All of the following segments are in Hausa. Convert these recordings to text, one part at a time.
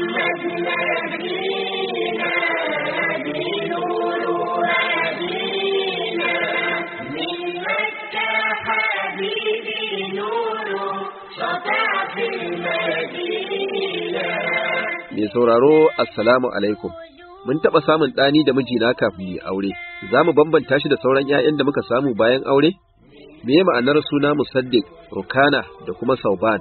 Mai sauraro Assalamu alaikum. Mun taɓa samun ɗani da mijina kafin yi aure, za mu bambanta shi da sauran ‘ya'yan da muka samu bayan aure? Me ma'anar suna Musaddiq, Rukana da kuma Sauban?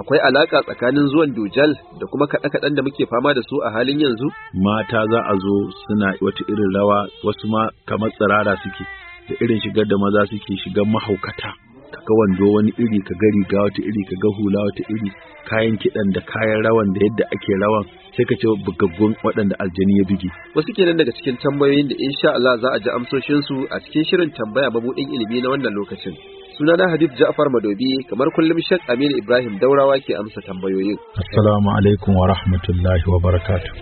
akwai alaka tsakanin zuwan dujal da kuma kaɗe kaɗan da muke fama da su a halin yanzu? Mata za a zo suna wata irin rawa wasu ma kamar tsirara suke da irin shigar da maza suke shigar mahaukata. Kaga wando wani iri ka gari ga wata iri ka ga hula wata iri kayan kiɗan da kayan rawan da yadda ake rawan sai ka ce bugaggun waɗanda aljani ya bige. Wasu kenan daga cikin tambayoyin da insha Allah za a ji amsoshinsu a cikin shirin tambaya mabuɗin ilimi na wannan lokacin. سنانا حديث جعفر مدوبي كمر كل مشهد أمين إبراهيم دورا واكي أمسا تنبيوين السلام عليكم ورحمة الله وبركاته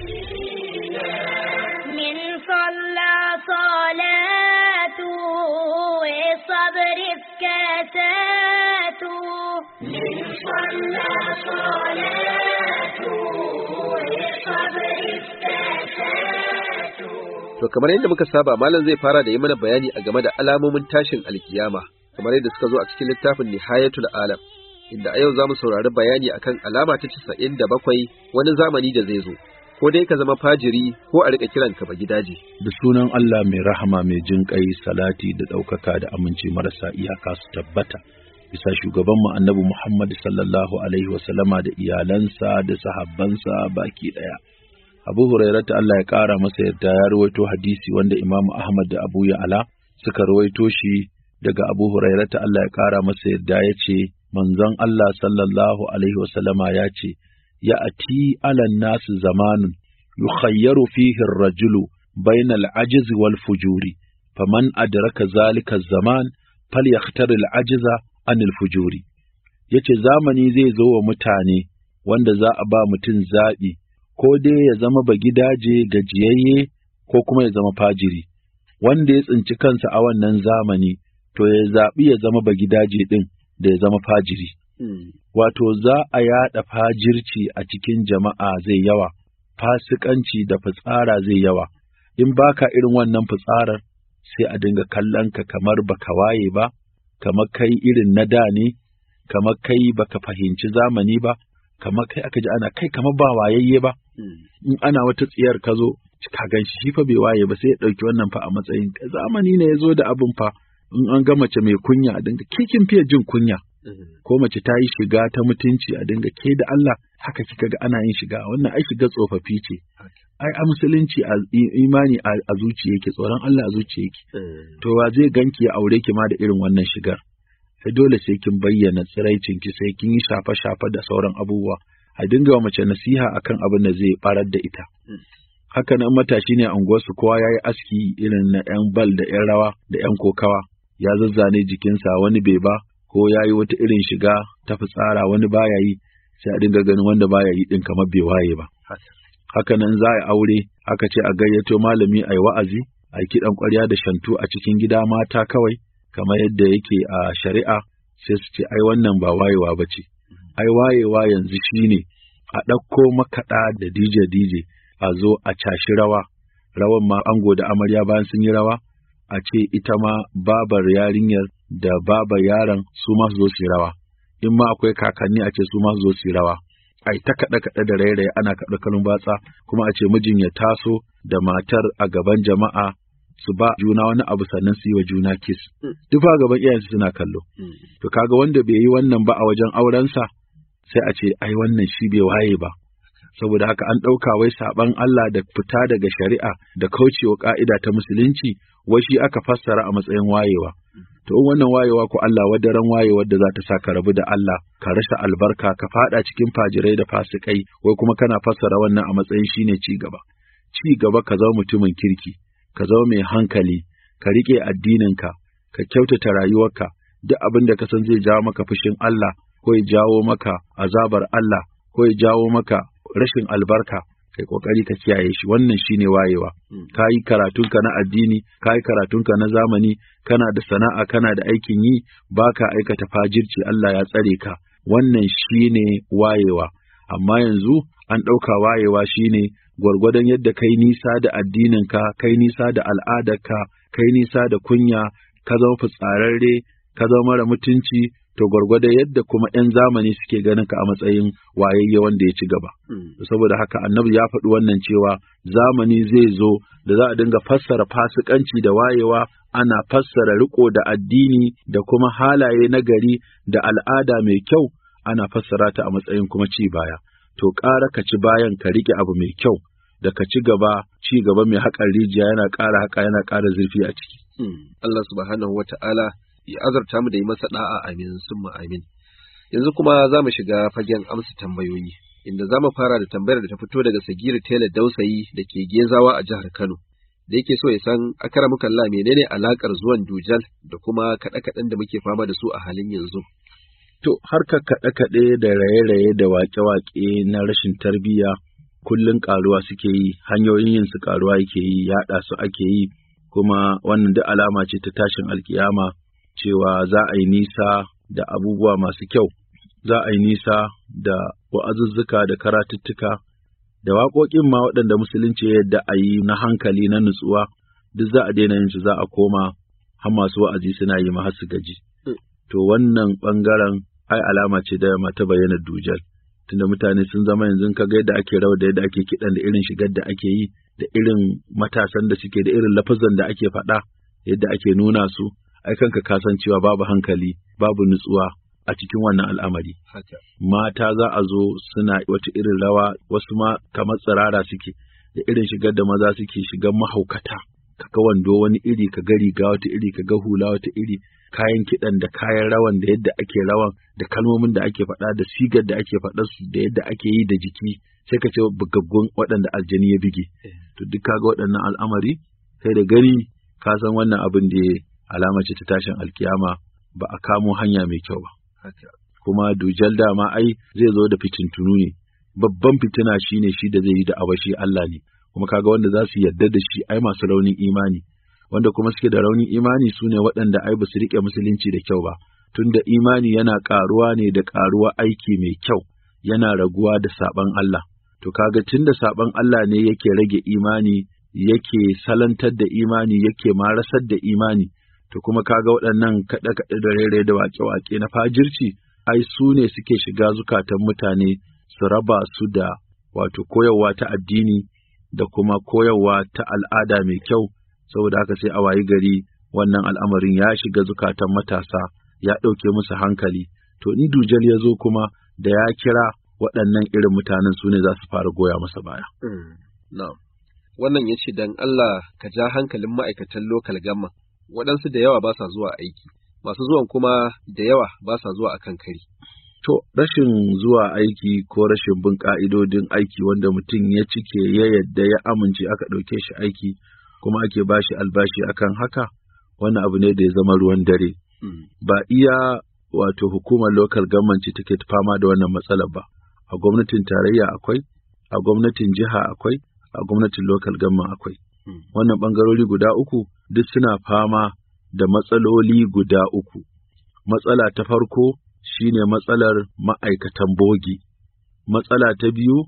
من صلى صلاة وصبر الكاسات من صلى صلاة To kamar yadda muka saba malam zai fara da yi mana bayani a game da alamomin tashin alkiyama kamar yadda suka zo a cikin littafin Nihayatul Alam inda a yau zamu saurari bayani akan alama ta 97 wani zamani da zai zo ko dai ka zama fajiri ko a rika kiran ka gidaje da sunan Allah mai rahama mai jin kai salati da ɗaukaka da aminci marasa iyaka su tabbata bisa shugaban mu annabi Muhammad sallallahu alaihi wasallama da iyalansa da sahabbansa baki daya Abu Hurairah ta Allah ya kara masa yarda ya rawaito hadisi wanda Imam Ahmad da Abu Ya'la suka rawaito shi daga Abu ta Allah ya ƙara masa yadda ya ce, Manzon Allah sallallahu Alaihi wasallama ya ce, Ya ti alan nasu zamanin, yukhayyaru fihin rajulu bain al'ajiz wal fujuri, faman adraka zalika zaman fal yaktar al'ajiza anil fujuri. Ya ce zamani zai zo wa mutane wanda za a ba mutum zaɓi, ko dai ya zama bagidaje gajiyayye ko kuma ya zama fajiri. Wanda ya tsinci kansa a wannan zamani, to ya zaɓi ya zama ba bagidaje ɗin da ya zama fajiri. Hmm. Wato za a yaɗa fajirci a cikin jama'a zai yawa, fasikanci da fitsara zai yawa, in baka irin wannan fitsarar sai a dinga kallon ka kamar baka waye ba, kamar kai irin na da ne, kamar kai baka fahimci zamani ba, kamar kai aka ji ana kai kamar ba wayayye ba. Hmm. In ana wata tsiyar ka zo, ka gan shi fa bai waye ba sai ya ɗauki wannan fa a matsayin zamani ne ya zo da abin fa. in an ga mace mai kunya a dinga kikin fiye jin kunya mm-hmm. ko mace ta yi shiga ta mutunci a dinga ke da Allah haka kika ga ana yin shiga wannan ai shiga tsofaffi ce ai a musulunci a imani a zuciya yake tsoron Allah a zuciya yake mm. to wa zai ganki ya aure ki ma da irin wannan shigar sai dole sai kin bayyana tsiraicin ki sai kin yi shafa shafa da sauran abubuwa a dinga wa mace nasiha akan abin da zai barar da ita mm. haka nan matashi ne a unguwarsu kowa ya yi aski irin na 'yan bal da 'yan rawa da 'yan kokawa ya zazzane jikinsa wani bai ba ko ya yi wata irin shiga ta fitsara wani baya yi sai a dinga ganin wanda baya yi din kamar bai waye ba haka nan za a aure aka ce a gayyato malami a yi wa'azi a yi kiɗan ƙwarya da shantu a cikin gida mata kawai kamar yadda yake a shari'a sai su ce ai wannan ba wayewa ba ce ai wayewa yanzu shine a ɗauko makaɗa da dije-dije a zo a cashi rawa rawan ma ango da amarya bayan sun yi rawa a ce ita ma babar yarinyar da baba yaron su masu zo su rawa in ma akwai kakanni a ce su masu zo su rawa ai ta kaɗe kaɗe da rairaye ana kaɗe kalun batsa kuma a ce mijin ya taso da matar a gaban jama'a su ba juna wani abu sannan su yi wa juna kis mm. duk gaban iyayensu suna kallo mm. to kaga wanda bai yi wannan ba a wajen aurensa sai a ce ai wannan shi bai waye ba saboda haka an ɗauka wai saɓan Allah da fita daga shari'a da kaucewa ƙa'ida ta musulunci wai shi aka fassara a matsayin wayewa. To in wannan wayewa ko Allah wadaran wayewar da za ta sa ka rabu da Allah, ka rasa albarka, ka faɗa cikin fajirai da fasikai, wai kuma kana fassara wannan a matsayin shine ci gaba. Ci gaba ka zama mutumin kirki, ka zama mai hankali, ka riƙe addininka, ka kyautata rayuwarka, duk abin da ka san zai jawo maka fushin Allah, ko ya jawo maka azabar Allah, ko ya jawo maka rashin albarka kai kokari ka kiyaye shi wannan shine wayewa hmm. ka yi karatunka na addini ka yi karatunka na zamani kana da sana'a kana da aikin yi baka aikata fajirci Allah ya tsare ka wannan shine wayewa amma yanzu an ɗauka wayewa shine gwargwadon yadda kai nisa da addininka kai nisa da al'adarka kai nisa da kunya ka zama fitsararre ka zama mara mutunci to gwargwado yadda kuma 'yan zamani suke ganin ka a matsayin wayayye wanda ya ci gaba. Hmm. Saboda haka annabi ya faɗi wannan cewa zamani zai zo da za a dinga fassara fasikanci da wayewa ana fassara riko da addini da kuma halaye na gari da al'ada mai kyau ana fassara ta a matsayin kuma ci baya. To ƙara ka ci bayan ka riƙe abu mai kyau da ka ci gaba ci gaba mai haƙar rijiya yana ƙara haƙa yana ƙara zurfi a ciki. Hmm. Allah subhanahu wa ta'ala ya azarta mu da yi masa da'a amin mu amin yanzu kuma za mu shiga fagen amsa tambayoyi inda za mu fara da tambayar da ta fito daga Sagiru Tela Dausayi da ke Gezawa a jihar Kano da yake so ya san akara mukalla menene alakar zuwan Dujal da kuma kaɗe-kaɗen da muke fama da su a halin yanzu. To harka kaɗe-kaɗe da raye-raye da waƙe-waƙe na rashin tarbiyya kullum ƙaruwa suke yi hanyoyin yin su ƙaruwa yake yi yaɗa su ake yi kuma wannan duk alama ce ta tashin alkiyama cewa za a yi nisa da abubuwa masu kyau, za a yi nisa da wa'azuzzuka da karatuttuka, da waƙoƙin ma waɗanda musulunci yadda a yi na hankali na nutsuwa, duk za a daina yin su za a koma har masu wa'azi suna yi ma su gaji. Mm. To wannan ɓangaren ai alama ce da mata bayyana dujal. Tunda mutane sun zama yanzu ka ga yadda ake rawa da yadda ake kiɗan da irin shigar da ake yi da irin matasan da suke da irin lafazan da ake faɗa yadda ake nuna su ai kanka ka san cewa babu hankali babu nutsuwa a cikin wannan al'amari. Mata za a zo suna wata irin rawa wasu ma kamar tsirara suke da irin shigar da maza suke shigar mahaukata. Kaga wando wani iri ka ga wata iri ka ga hula wata iri kayan kiɗan da kayan rawan da yadda ake rawan da kalmomin da ake faɗa da sigar da ake faɗa su da yadda ake yi da jiki sai ka ce bugaggun waɗanda aljani ya bige. Eh. To duk kaga waɗannan al'amari sai da gani ka san wannan abin da ya alama ce ta tashin alkiyama ba a kamo hanya mai kyau ba. Kuma dujal dama ai zai zo da fitintunu ne, babban fitina shi ne shi da zai yi da abashi Allah ne, kuma kaga wanda za su yarda da shi ai masu raunin imani, wanda kuma suke da raunin imani su ne waɗanda ai ba su riƙe musulunci da kyau ba, tunda imani yana ƙaruwa ne da ƙaruwa aiki mai kyau, yana raguwa da saɓan Allah. To kaga tun da saɓan Allah ne yake rage imani, yake salantar da imani, yake marasar da imani, to kuma kaga waɗannan kaɗe-kaɗe da rere da waƙe-waƙe na fajirci ai su ne suke shiga zukatan mutane su raba su da wato koyarwa ta addini da kuma koyarwa ta al'ada mai kyau saboda haka sai a wayi gari wannan al'amarin ya shiga zukatan matasa ya ɗauke musu hankali to ni dujal ya zo kuma da ya kira waɗannan irin mutanen su ne za su fara goya masa baya. Hmm, wannan ya ce don Allah ka ja hankalin ma'aikatan lokal gama waɗansu da yawa ba sa zuwa aiki, masu zuwan kuma da yawa ba sa zuwa akan kari. To, rashin zuwa aiki ko rashin bin ƙa'idodin aiki wanda mutum ya cike ya yadda ya amince aka ɗauke shi aiki kuma ake bashi albashi akan haka, wani abu ne da ya zama ruwan dare. Hmm. Ba iya wato hukumar local government take fama da wannan matsalar ba. A gwamnatin tarayya akwai, a gwamnatin jiha akwai, a gwamnatin local government akwai. Hmm. Wannan ɓangarori guda uku duk suna fama da matsaloli guda uku. Matsala ta farko shine matsalar ma'aikatan bogi, matsala ta biyu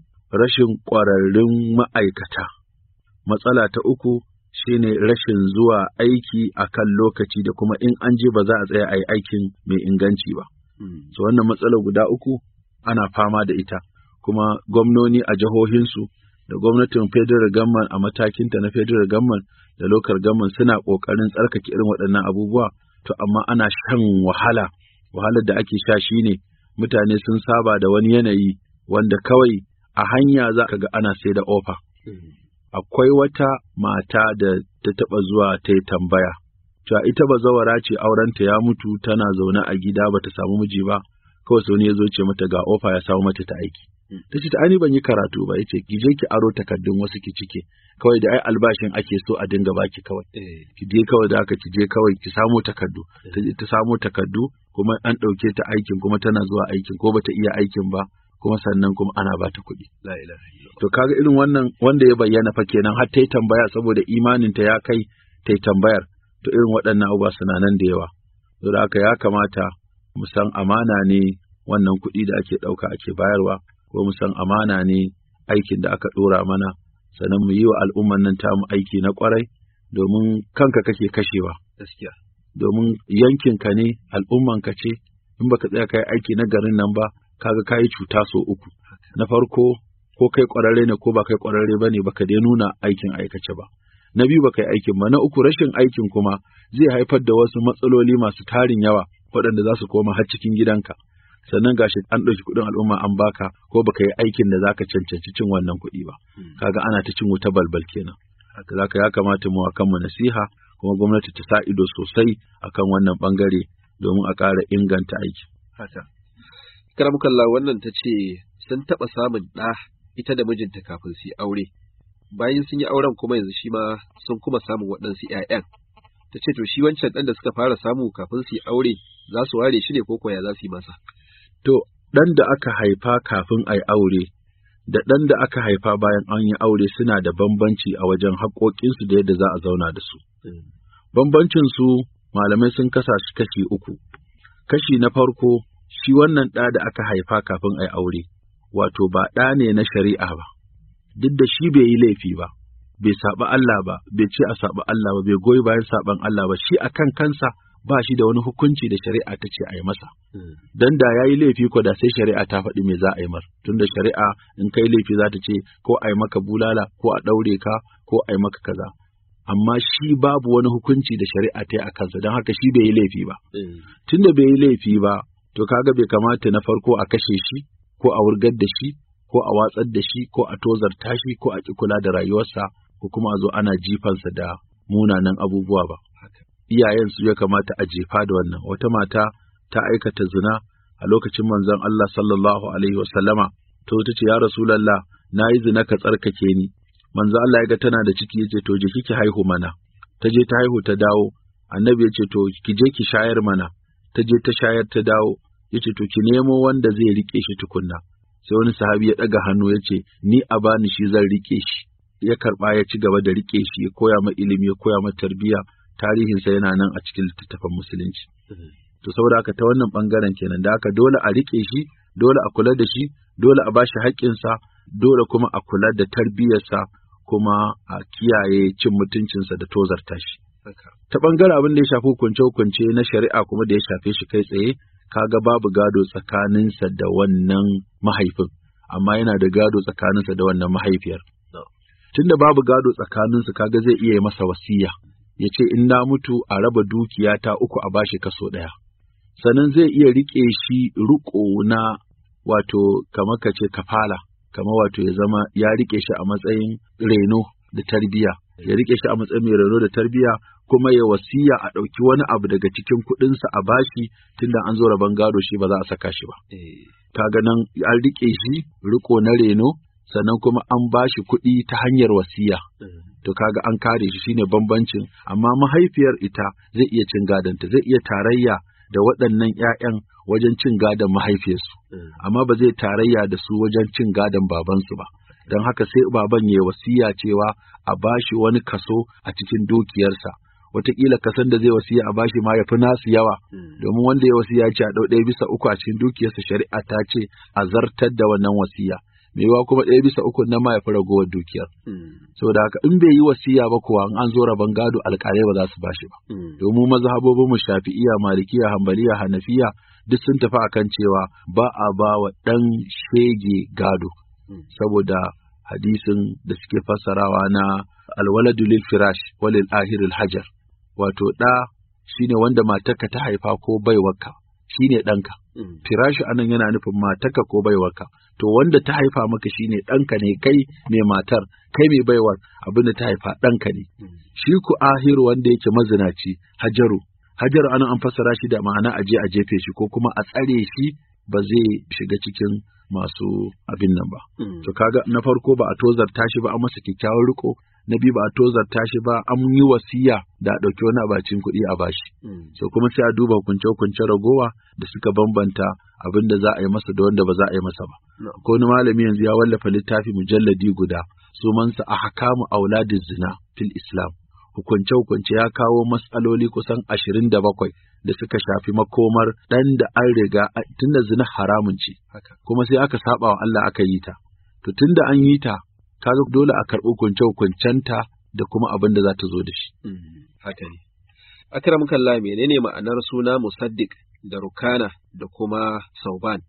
rashin ƙwararrun ma'aikata, matsala ta uku shine rashin zuwa aiki a kan lokaci da kuma in an je ba za a tsaya a yi aikin mai inganci ba. Hmm. So wannan matsalar guda uku ana fama da ita, kuma gwamnoni a jihohinsu da gwamnatin federal gamman a matakinta na federal gamman da lokar gamman suna ƙoƙarin tsarkake irin waɗannan abubuwa to amma ana shan wahala wahalar da ake sha shine mutane sun saba da wani yanayi wanda kawai a hanya za ka ga ana sai da ofa akwai wata mata da ta taɓa zuwa ta yi tambaya cewa ita ba zawara ce aurenta ya mutu tana zaune a gida bata samu miji ba kawai sau ne ya zo ce mata ga ofa ya samu mata ta aiki ta ce ta ban yi karatu ba yace ki je ki aro takardun wasu ki cike kawai da ai albashin ake so a dinga baki kawai eh. ki je kawai da aka ki je kawai ki samo takardu eh. ta ta samo takardu kuma an ɗauke ta aikin kuma tana zuwa aikin ko bata iya aikin ba kuma sannan kuma ana bata kuɗi to kaga irin wannan wanda ya bayyana fa kenan har ta yi tambaya saboda imanin ta ya kai ta tambayar to irin waɗannan abubuwa suna nan da yawa saboda haka ya kamata mu san amana ne wannan kuɗi da ake ɗauka ake bayarwa ko mu san amana ne aikin da aka ɗora mana, sannan mu yi wa al'umman nan ta mu aiki na kwarai domin kanka kake kashewa. Gaskiya. Domin ka ne, al'umman ka ce, in baka tsaya kai aiki na garin nan ba, kaga kayi cuta so uku. Na farko, ko kai ƙwararre ne ko ba kai ƙwararre ba baka dai nuna aikin aikace ba. na biyu baka yi aikin ba na uku rashin aikin kuma zai haifar da wasu matsaloli masu tarin yawa waɗanda za su koma har cikin gidanka sannan gashi an ɗauki kuɗin al'umma an baka ko baka yi aikin da zaka cancanci cin wannan kuɗi ba hmm. kaga ana ta cin wuta balbal kenan haka zaka ya kamata mu akan mu nasiha kuma gwamnati ta sa ido sosai akan wannan bangare domin a ƙara inganta aiki haka karamukalla wannan ta ce sun taɓa samun ɗa ita da mijinta kafin su yi aure bayan sun yi auren kuma yanzu shi ma sun kuma samun waɗansu 'ya'yan ta ce to shi wancan ɗan da suka fara samu kafin su yi aure za su ware shi ne ko kwaya za su yi masa To, ɗan da aka haifa kafin a aure, da ɗan da aka haifa bayan an yi aure suna da bambanci a wajen haƙoƙinsu da yadda za a zauna da su. bambancin mm. Bambancinsu malamai sun kasa shi kashi uku. Kashi na farko, shi wannan ɗa da aka haifa kafin a aure, wato ba ɗa ne na shari'a ba, duk da shi bai yi laifi ba, bai saɓi Allah ba, bai ce a saɓa Allah ba, bai goyi bayan saɓan Allah ba, shi a kan kansa ba shi da wani hukunci da shari'a ta ce a yi masa. Hmm. Don da ya yi laifi ko da sai shari'a ta faɗi me za a yi mar, tunda shari'a in kai laifi za ta ce ko a yi maka bulala ko a ɗaure ka ko a yi maka kaza. Amma shi babu wani hukunci da shari'a ta yi a kansa don haka shi bai yi laifi ba. Hmm. Tunda bai yi laifi ba, to kaga bai kamata na farko a kashe shi ko a wurgar da shi ko a watsar da shi ko a tozar tashi ko a ƙi kula da rayuwarsa ko kuma a zo ana jifansa da munanan abubuwa ba. iyayen su ya kamata a jefa da wannan wata mata ta aikata zina a lokacin manzon Allah sallallahu alaihi wasallama to ta ce ya rasulullah na yi zina ka tsarkake ni manzon Allah ya ga tana da ciki yace to je kike haihu mana ta je ta haihu ta dawo annabi yace to ki je ki shayar mana ta je ta shayar ta dawo yace to ki nemo wanda zai rike shi tukunna sai wani sahabi ya daga hannu yace ni a bani shi zan rike shi ya karba ya ci gaba da rike shi ya koya ma ilimi ya koya ma tarbiya tarihinsa yana nan a cikin littattafan musulunci. Mm. To saboda haka ta wannan bangaren kenan da aka dole a rike shi, dole a kula da shi, dole a bashi haƙƙinsa, dole kuma a kula da tarbiyyarsa kuma a kiyaye cin mutuncinsa da tozarta shi. Ta bangaren abin da ya shafi hukunce-hukunce na shari'a kuma da ya shafe shi kai tsaye, kaga babu gado tsakaninsa da wannan mahaifin, amma yana da gado tsakaninsa da wannan mahaifiyar. Tunda babu gado tsakaninsu kaga zai iya masa wasiya. ya ce in na mutu a raba dukiyata uku a bashi kaso ɗaya. Sannan zai iya riƙe shi riƙo na wato kamar ka ce kafala, kamar wato ya zama ya riƙe shi a matsayin reno da tarbiya, ya riƙe shi a matsayin mai reno da tarbiya kuma ya wasiya a ɗauki wani abu daga cikin kuɗinsa a bashi tunda an zo rabon gado shi ba za a saka shi ba. Eh. Kaga nan an riƙe shi riƙo na reno sannan kuma an ba shi kuɗi ta hanyar wasiya. Mm-hmm. To kaga an kare shi shine bambancin, amma mahaifiyar ita zai iya cin gadonta, zai iya tarayya da waɗannan ‘ya'yan wajen cin gadon mahaifiyarsu, mm-hmm. amma ba zai tarayya da su wajen cin gadon babansu ba. Don haka sai baban ya wasiya cewa a bashi wani kaso a cikin dukiyarsa. Wataƙila kasan da zai wasiya a bashi ma ya fi nasu yawa, mm-hmm. domin wanda ya wasiya ce a ɗau ɗaya bisa uku a cikin dukiyarsa shari'a ta ce a zartar da wannan wasiya. mewa kuma ɗaya bisa uku na mai ragowar dukiyar. Hmm. Saboda haka in bai yi wasiya ba kuwa an zo rabon gado alƙalai ba za su bashi ba. Hmm. Domin mazhabobin mu shafi'iya, malikiya, hambaliya, hanafiya duk sun tafi akan cewa ba a ba wa ɗan shege gado. Hmm. Saboda hadisin da suke fassarawa na alwaladu lil firash walil ahirul hajar. Wato ɗa shine wanda matarka ta haifa ko baiwarka shine ɗanka. Firashi mm. anan yana nufin mataka ko baiwarka, to wanda ta haifa maka shine ɗanka ne kai ne matar, kai mai baiwar abin da ta haifa ɗanka ne. Mm. Shi ku ahiru wanda yake mazinaci, hajaru. Hajaru anan an fassara shi da ma'ana aje a jefe shi ko kuma a tsare shi ba zai shiga cikin masu abin nan ba. Mm. To kaga na farko ba a tozarta shi ba a masa kyakkyawan riko na biyu ba a tozarta shi ba an yi wasiya da a ɗauki wani abacin kuɗi a bashi. Hmm. So kuma sai a duba kunce-kunce ragowa da suka bambanta abin da za a yi masa da wanda ba za a yi masa ba. Ko wani malami yanzu ya wallafa littafi mujalladi guda sumansa a hakamu auladin zina fil Islam. Hukunce-hukunce ya kawo matsaloli kusan ashirin da bakwai da suka shafi makomar ɗan da an riga tunda zina haramun ce. Kuma sai aka saba wa Allah aka yi ta. To tunda an yi ta Ka zo dole a karɓi hukunce hukuncenta da kuma abin da za ta zo da shi. Mm, haka ne. Akram kalla menene ma'anar suna Musaddiq da Rukana da kuma Sauban?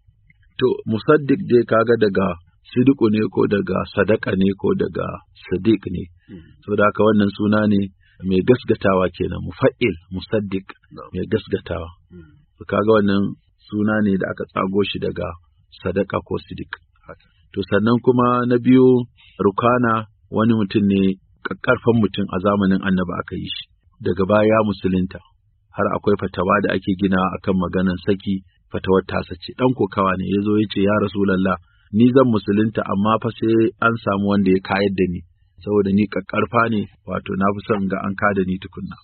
To Musaddiq dai kaga daga Sidiku ne ko daga Sadaka ne ko daga Sadiq ne. Mm. Saboda haka wannan suna ne mai gasgatawa kenan mufa'il Musaddiq mai gasgatawa. Mm. Kaga wannan suna ne da aka tsago shi daga Sadaka ko Sidik. to sannan kuma na biyu rukana wani mutum ne ƙarfan mutum a zamanin annaba aka yi shi daga baya musulunta har akwai fatawa da ake gina akan maganan saki fatawar tasa ce dan kokawa ne ya zo ya ce ya rasulallah ni zan musulunta amma fa sai an samu wanda ya kayar da ni saboda ni ƙarfa ne wato na fi son ga an da ni tukunna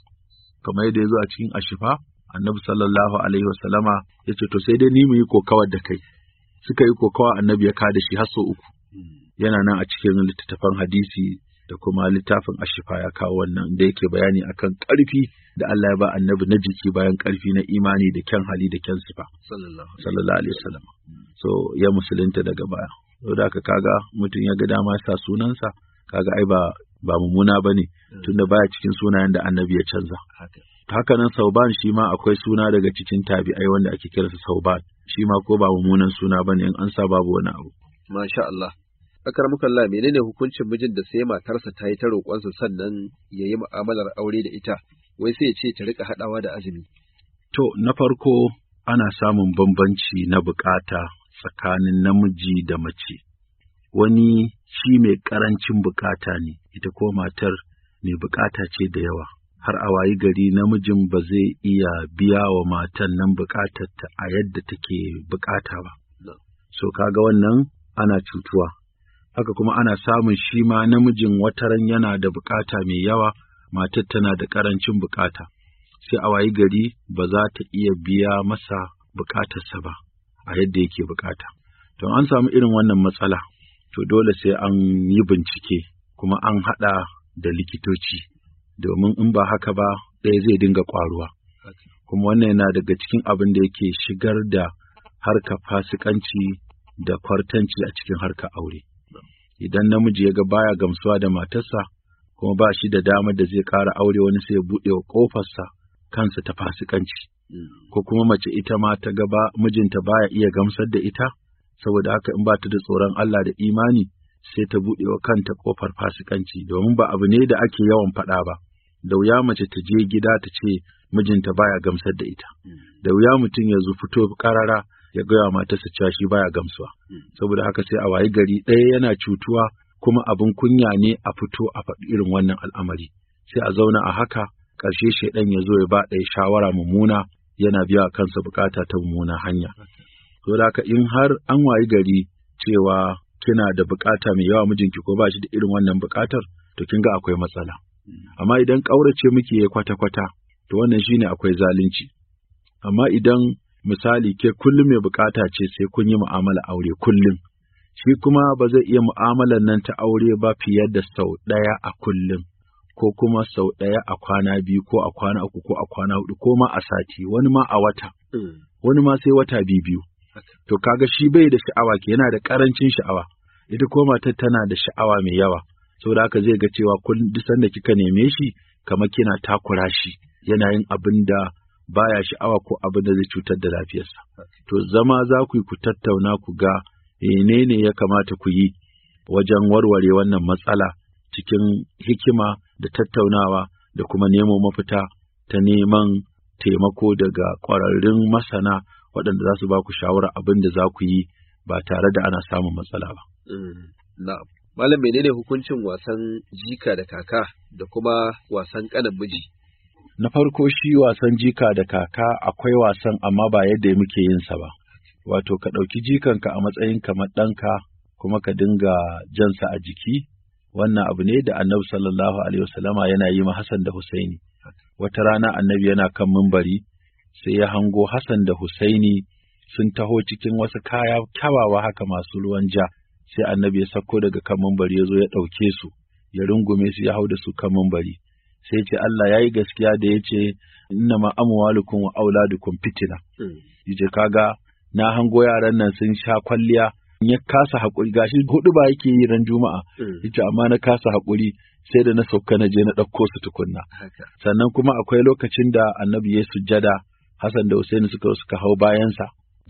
kamar yadda ya zo a cikin ashifa annabi sallallahu alaihi wasallama ya ce to sai dai ni mu yi kokawar da kai suka yi kokawa annabi ya kada shi har sau uku yana nan a cikin littattafan hadisi da kuma littafin ashifa ya kawo wannan da yake bayani akan ƙarfi da Allah ya ba annabi na jiki bayan ƙarfi na imani da kyan hali da kyan sifa sallallahu alaihi wasallam so ya musulunta daga baya da haka kaga mutum ya ga dama sa sunansa kaga ai ba ba mummuna bane hmm. tunda baya cikin sunayen da annabi ya canza Hakanan Sauban shi ma akwai suna daga cikin tabi'ai wanda ake kiransa Sauban, shi ma ko ba mummunan suna bane in an sa babu wani abu. Masha Allah. Akarmukallah menene hukuncin mijin da sai matarsa ta yi ta roƙonsa sannan ya yi mu'amalar aure da ita, wai sai ya ce ta riƙa haɗawa da azumi. To, na farko ana samun bambanci na bukata tsakanin namiji da mace. Wani shi mai ƙarancin bukata ne, ita ko matar mai bukata ce da yawa. har a wayi gari namijin ba zai iya biya wa matan nan ta a yadda take bukata ba. So kaga wannan ana cutuwa. Haka kuma ana samun shi ma namijin wataran yana da bukata mai yawa, matar tana da ƙarancin bukata. Sai a wayi gari ba za ta iya biya masa bukatarsa ba a yadda yake bukata. To an samu irin wannan matsala, to dole sai an yi bincike kuma an haɗa da likitoci. domin in ba haka ba ɗaya zai dinga ƙwaruwa. Kuma wannan yana daga cikin abin da yake shigar da harka fasikanci da kwartanci a cikin harka aure. Idan namiji ya ga baya gamsuwa da matarsa, kuma ba shi da damar da zai ƙara aure wani sai ya buɗe wa ƙofarsa kansa ta fasikanci. Mm. Ko kuma mace ita ma ta ga mijinta baya iya gamsar da ita, saboda haka in ba ta da tsoron Allah da imani sai ta buɗe wa kanta ƙofar fasikanci domin ba abu ne da ake yawan faɗa ba. da wuya mace ta je gida ta ce mijinta baya gamsar da ita da wuya mutum ya zo fito karara ya gaya matarsa cewa shi baya gamsuwa saboda haka sai a wayi gari ɗaya yana cutuwa kuma abin kunya ne a fito a faɗi irin wannan al'amari sai a zauna a haka ƙarshe shaidan ya zo ya ba ɗaya shawara mummuna yana biya kansa bukata ta mummuna hanya saboda haka in har an wayi gari cewa kina da bukata mai yawa mijinki ko ba shi da irin wannan bukatar to kin ga akwai matsala Amma idan ƙaurace muke ya kwata-kwata, to wannan shine akwai zalunci. Amma idan misali ke kullum mai bukata ce sai kun yi mu'amala aure kullum, shi kuma ba zai iya mu'amalar nan ta aure ba fiye da sau ɗaya a kullum, ko kuma sau ɗaya a kwana biyu ko a kwana uku ko a kwana hudu ko ma a sati wani ma a wata, hmm. wani ma sai wata biyu biyu. To kaga shi bai da sha'awa ke yana da ƙarancin sha'awa, ita ko matar tana da sha'awa mai yawa, saboda haka zai ga cewa kun duk sanda kika neme shi kamar kina takura shi yana yin abin da baya sha'awa ko abin da zai cutar da lafiyarsa to zama za ku yi ku tattauna ku ga menene ya kamata ku yi wajen warware wannan matsala cikin hikima da tattaunawa da kuma nemo mafita ta neman taimako daga ƙwararrun masana waɗanda za su ba ku shawara abin da za ku yi ba tare da ana samun matsala ba. Mm, Malam menene hukuncin wasan jika da kaka da kuma wasan kanan miji? Na farko shi wasan jika da kaka akwai wasan amma ba yadda muke yin sa ba. Wato ka ɗauki jikanka a matsayin kamar ɗanka kuma ka dinga jansa a jiki wannan abu ne da annabi sallallahu alaihi wasallama yana yi ma Hassan da Husaini. Wata rana annabi yana kan mimbari sai ya hango Hassan da Husaini sun taho cikin wasu kaya kyawawa haka masu ruwan ja sai annabi ya sako daga kan mambari ya zo ya ɗauke su, ya rungume su ya hau da su kan mambari. Sai ce Allah ya yi gaskiya da ya ce, Inna ma amwalukum wa auladukum fitina. Hmm. Yace kaga na hango yaran nan sun sha kwalliya ya kasa hakuri, gashi hudu ba yake yi ran juma'a hmm. yace amma na kasa hakuri sai da na sauka na je na ɗauko su tukunna sannan kuma akwai lokacin da annabi ya sujjada Hassan da Hussein suka suka hau bayansa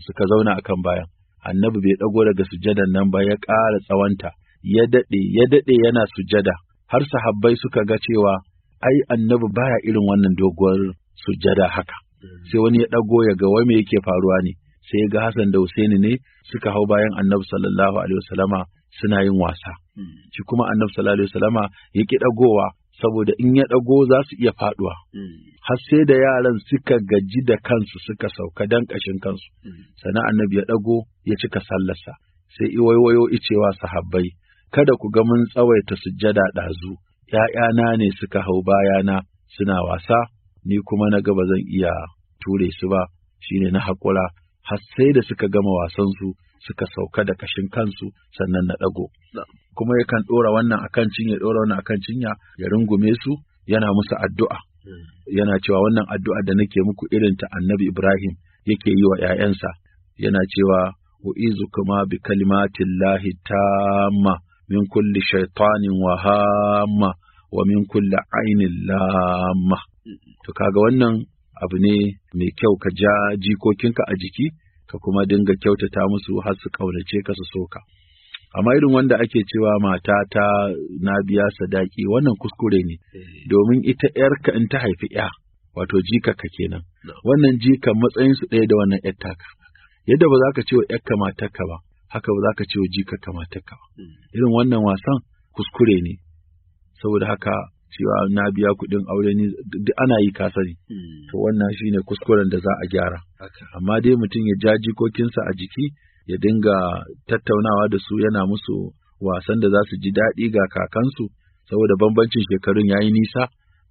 suka zauna akan bayan annabi bai ɗago daga sujadan nan ba ya ƙara tsawanta, ya daɗe, ya daɗe yana sujada, har sahabbai suka ga cewa, ai, annabi baya irin wannan doguwar sujada haka. Sai wani ya ɗago ya ga wai me yake faruwa ne, sai ya ga Hassan da Husaini ne suka hau bayan annabi sallallahu alaihi wasallama suna yin wasa. Hmm. Shi kuma annabi sallallahu alaihi wasallama ya ki ɗagowa saboda in ya ɗago za su iya faɗuwa. Mm. Har sai da yaran suka gaji da kansu suka sauka dan ƙashin kansu, mm. sana annabi ya ɗago ya cika sallarsa, sai iwaiwayo icewa sahabbai, kada ku ga mun tsawaita sujjada ɗazu, ‘ya'yana ne suka hau bayana suna wasa, ni kuma na ga ba zan iya ture su ba, shine na haƙura, har sai da suka gama wasansu suka sauka da kashin kansu sannan na ɗago. Kuma yakan ɗora wannan akan cinya, ɗora wannan akan cinya, ya rungume su yana musu addu'a. Hmm. Yana cewa wannan addu'a da nake muku irin ta annabi Ibrahim yake yi wa ‘ya'yansa, yana cewa, U'izu kuma bi kalimatin lahi ma min kulli shaitanin wa hamma wa min kulli ainin lamma. Hmm. To kaga wannan abu ne mai kyau ka ja jikokinka a jiki ka kuma dinga kyautata musu har su kaunace ka su soka. Amma irin wanda ake cewa mata ta na biya sadaki wannan kuskure ne, eh. domin ita ‘yarka in ta haifi ‘ya, wato jika ka kenan, wannan jika matsayinsu ɗaya da wannan ‘yar taka. Yadda ba za ka ce wa 'yar ‘yarka matarka ba, haka ba za ka ce wa jikaka matarka ba. Hmm. Irin wannan wasan kuskure ne, saboda haka cewa na biya kuɗin aure ni duk ana yi kasari hmm. to wannan shine kuskuren da za a gyara amma dai mutum ya ja jikokinsa a jiki ya dinga tattaunawa da su yana musu wasan da za su ji daɗi ga kakansu saboda bambancin shekarun yayi nisa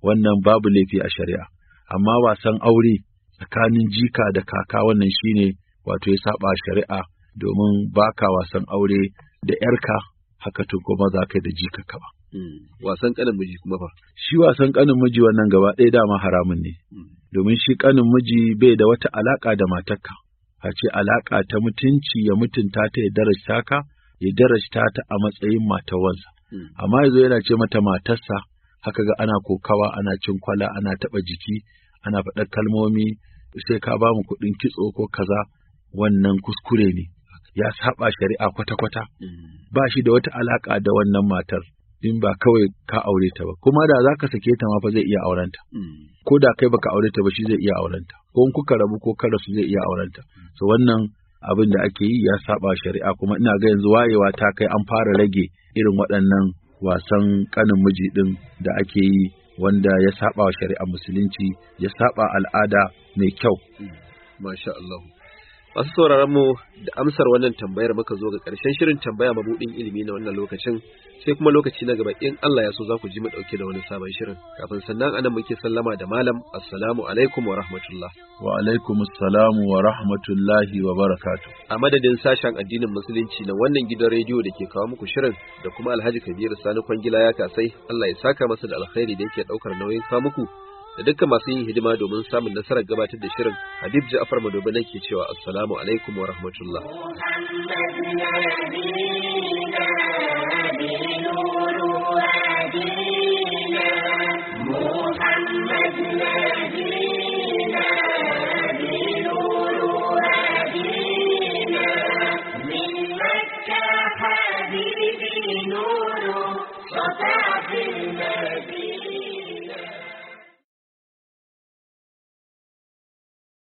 wannan babu laifi a shari'a amma wasan aure tsakanin jika da kaka wannan shine wato ya saba shari'a domin baka wasan aure da 'yarka haka tun kuma za ka da jika ka ba. Mm. wasan kanin miji kuma fa shi wasan kanin miji wannan gaba ɗaya dama haramun ne mm. domin shi kanin miji bai da wata alaka da matarka a ce alaka ta mutunci ya mutunta ta ya darasta ka ya darasta ta a matsayin matawansa mm. amma yanzu yana ce mata matarsa haka ga ana kokawa ana cin kwala ana taba jiki ana faɗa kalmomi sai ka ba mu kuɗin kitso ko kaza wannan kuskure ne ya saba shari'a kwata-kwata ba shi da wata alaka da wannan matar in ba kawai ka aure ta ba kuma da za ka sake ta ma fa zai iya auren ta hmm. ko da kai baka aure ta ba shi zai iya auren ta ko in kuka rabu ko kada su zai iya auren ta hmm. so wannan abin da ake yi ya saba shari'a kuma ina ga yanzu wayewa ta kai an fara rage irin waɗannan wasan kanin miji din da ake yi wanda ya saba wa shari'a musulunci ya saba al'ada mai kyau hmm. masha Allah masu sauraron mu da amsar wannan tambayar muka zo ga karshen shirin tambaya mabudin ilimi na wannan lokacin sai kuma lokaci na gaba in Allah ya so za ku ji mu dauke da wani sabon shirin kafin sannan anan muke sallama da malam assalamu alaikum wa rahmatullah wa alaikum assalamu wa rahmatullahi wa barakatuh a madadin sashen addinin musulunci na wannan gidan rediyo da ke kawo muku shirin da kuma Alhaji Kabiru Sani Kwangila ya kasai Allah ya saka masa da alkhairi da yake daukar nauyin kawo muku da dukkan masu yin hidima domin samun nasarar gabatar da shirin Habib Ja'far Madobe nake cewa assalamu alaikum wa rahmatullah